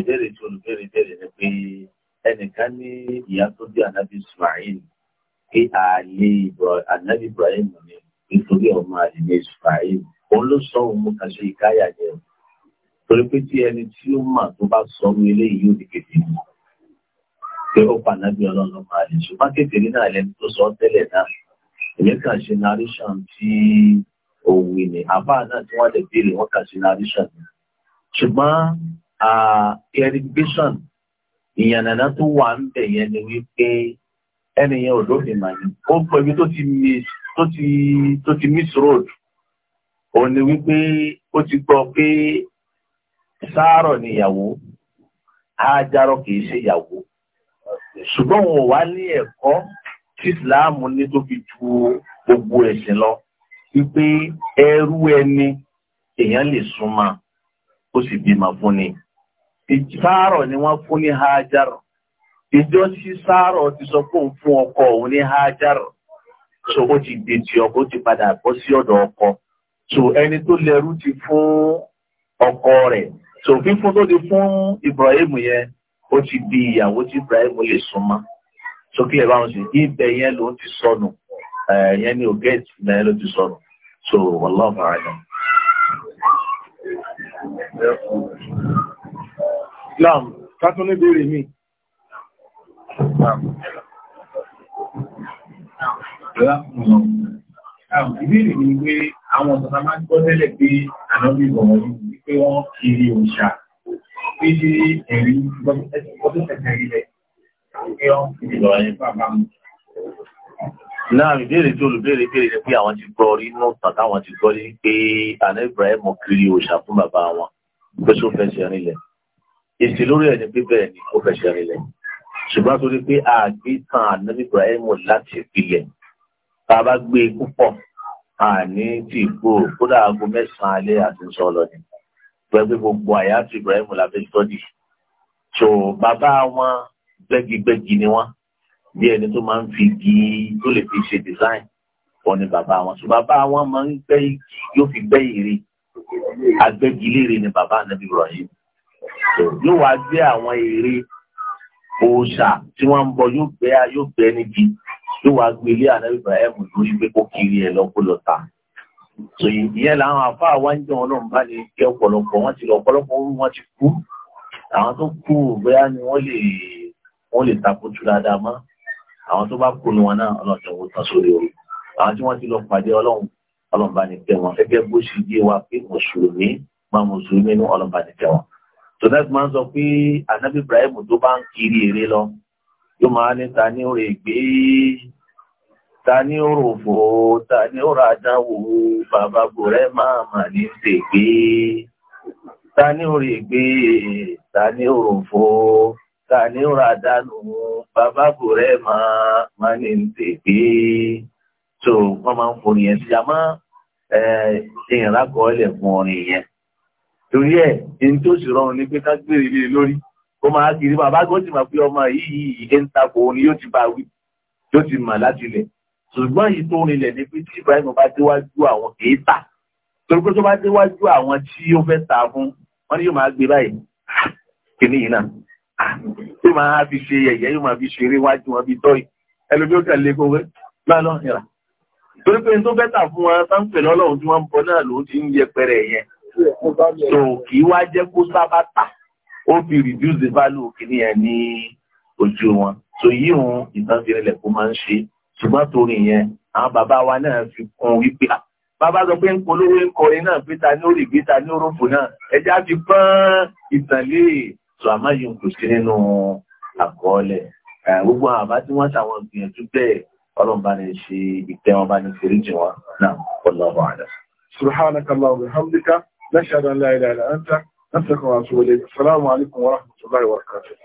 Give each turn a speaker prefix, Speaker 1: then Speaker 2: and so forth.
Speaker 1: ìbéèrè
Speaker 2: tí olùbéèrè béèrè ni pé ẹnìkan ní ìyá tó bí anabi ismail kí ààyè anabi ibrahim ni nítorí ọmọ àdìní ismail òun ló sọ òun mú kan ṣe ìkáyà jẹ torí pé tí ẹni tí ó mà tó bá sọ ní eléyìí yóò di kékeré mọ pé ó pa anabi ọlọ́run máa lè ṣùgbọ́n kékeré náà lẹni tó sọ tẹ́lẹ̀ náà èmi kàn ṣe narration tí òun ni àbá náà tí wọ́n lè béèrè wọ́n kàn ṣe narration ṣùgbọ́n irrigation ìyànnàná tó wà ń bẹ̀ yẹn ni wípé ẹni yẹn ò lófin mà ní ó pọ̀ ibi tó ti miss road òun ni wípé ó ti gbọ́ pé sáárọ̀ níyàwó ájárọ̀ kìí ṣe ìyàwó ṣùgbọ́n wọn wá ní ẹ̀kọ́ tí ìsìláàmù ní tó fi ju gbogbo ẹ̀sìn lọ wípé ẹrú ẹni èèyàn lè súnmọ́ ó sì bímọ fún ni ìsáàrọ̀ ni wọ́n fún ní hajjarọ̀ ìjọ sí sáàrọ̀ ti sọ pé òun fún ọkọ òun ní hajjarọ̀ so ó ti dé ti ọkọ ó ti padà bọ́ sí ọ̀dọ̀ ọkọ so ẹni tó lẹ́rú ti fún ọkọ rẹ̀ so fífún tó ti fún Ibrahim yẹn ó ti di ìyàwó tí Ibrahim lè súnmọ́ so kí ẹ bá wọn sì ibẹ̀ yẹn ló ti sọnù yẹn ni ògẹ́ẹ̀tì náà ló ti sọnù so wallahu a'lam. Thank Islam kátún ní bèèrè mi. Um, ìbéèrè ni pé àwọn ọ̀sán máa ń gbọ́ tẹ́lẹ̀ pé ànábì bọ̀wọ̀ yìí pé wọ́n kiri òṣà pé ní ẹ̀rí ọdún tẹ̀sẹ̀ ilẹ̀ pé wọ́n kiri lọ ẹ̀yẹ bàbá mu. Náà ìbéèrè tí olùbéèrè béèrè ni pé àwọn ti gbọ́ rí náà tàn káwọn ti gbọ́ rí pé àná Ibrahim kiri òṣà fún bàbá wọn pé sófẹ́ ṣe rìnlẹ̀ èsì lórí ẹni bíbẹ̀ ni ó fẹsẹ̀ rinlẹ̀ ṣùgbọ́n torí pé àgbé kan ànábì Ibrahimu láti ìpìlẹ̀ tá a bá gbé e púpọ̀ àní tí ìgbò kódà aago mẹ́sàn-án alẹ́ àti sọ̀rọ̀ ni pẹ̀lú gbogbo àyà tí Ibrahimu la fẹ́ sọ́dì so bàbá wọn gbẹ́gigbẹ́gi ni wọ́n bí ẹni tó máa ń fi igi tó lè fi ṣe design wọn ni bàbá wọn so bàbá wọn máa ń gbẹ́ igi yóò fi gbẹ́ ìrì agbẹ́gilére ni bàbá ànábì Ibrahimu yóò wá gbé àwọn ère òòṣà tí wọ́n ń bọ yóò gbé yóò gbé ẹni jì yóò wá gbé ilé ànábì Ibrahim lórí pé kó kiri ẹ̀ lọ́kó lọ ta. sọ ìyẹn làwọn àfa àwájọ ọlọ́run bá lè jẹ́ ọ̀pọ̀lọpọ̀ wọ́n ti lọ ọ̀pọ̀lọpọ̀ orú wọn ti kú àwọn tó kú bóyá ni wọ́n lè wọ́n lè takojú dáadáa mọ́ àwọn tó bá kú ni wọn náà ọlọ́jọ́ wò tán sórí orí àwọn tí wọ́n ti lọ pàdé ọlọ́run ọlọ́run bá ní tẹ́ wọn gẹ́gẹ́ bó ṣe yé wa pé mùsùlùmí máa mùsùlùmí ní ọlọ́run bá ní tẹ́ wọn tòlẹ́sì máa ń sọ pé ànábì Ibrahim tó bá ń kiri ère lọ yóò máa ní ta ní òrò ègbé ta ní òrò òfò ta ní òrò àdánwò bàbá bòrẹ́ máa mà ní ṣègbé ta ní òrò ègbé ta ní òrò òfò ta ní òrò àdánù bàbá bòrẹ́ máa mà ní ṣègbé tó wọ́n máa ń forí yẹn sí àmọ́ eh, ìrìnlákọ̀ọ́lẹ̀ fún orin yẹn torí ẹ̀ èyí tó sì rọrùn ni pé ká gbèrè lé lórí ó máa kiri bàbá gbọ́n ti mà pé ọmọ yìí ìdẹ́ ń takò òun ni yóò ti bá wí yóò ti mà láti ilẹ̀ ṣùgbọ́n yìí tó rinlẹ̀ ni pé tí Ibrahim bá déwájú àwọn kì í tà torí pé tó bá déwájú àwọn tí ó fẹ́ ta fún wọn ni yóò máa gbé báyìí ah, kìíní yìí náà tó ah, máa fi ṣe ẹ̀yẹ́ yóò máa fi ṣeré wájú wọn bí tọ́yì ẹlòmí ó kàn lé kówé máa lọ ìrà torí pé tó fẹ́ tà fún wọn sáńpẹ̀ lọ́lọ́run tí wọ́n ń bọ náà lòún ti ń yẹpẹrẹ yẹn so kì í wá jẹ́ kó sábà tà ó fi reduce the value kìíní ẹ̀ ní ojú wọn so yí òun ìtàn fi rẹlẹ̀ kó máa ń ṣe ṣùgbọ́n torí yẹn àwọn bàbá wa náà fi kún wípé ah, bàbá sọ pé ń polówó ń kọrin náà pé ta ní orí ìgbé ta ní orófò náà ẹjá fi pọ́n ìtànlé sọ àmáyùn kò sí nínú àkọọ́lẹ̀ gbogbo àwọn àbá tí wọ́n ṣàwọn ìgbìyànjú bẹ́ẹ̀ ọlọ́run ṣe ìpẹ́ bá ní foríjì wọn náà ọlọ́run àdá. subhanaka allahumma wa نشهد أن لا إله إلا أنت نفسك ورسول إليك السلام عليكم ورحمة الله وبركاته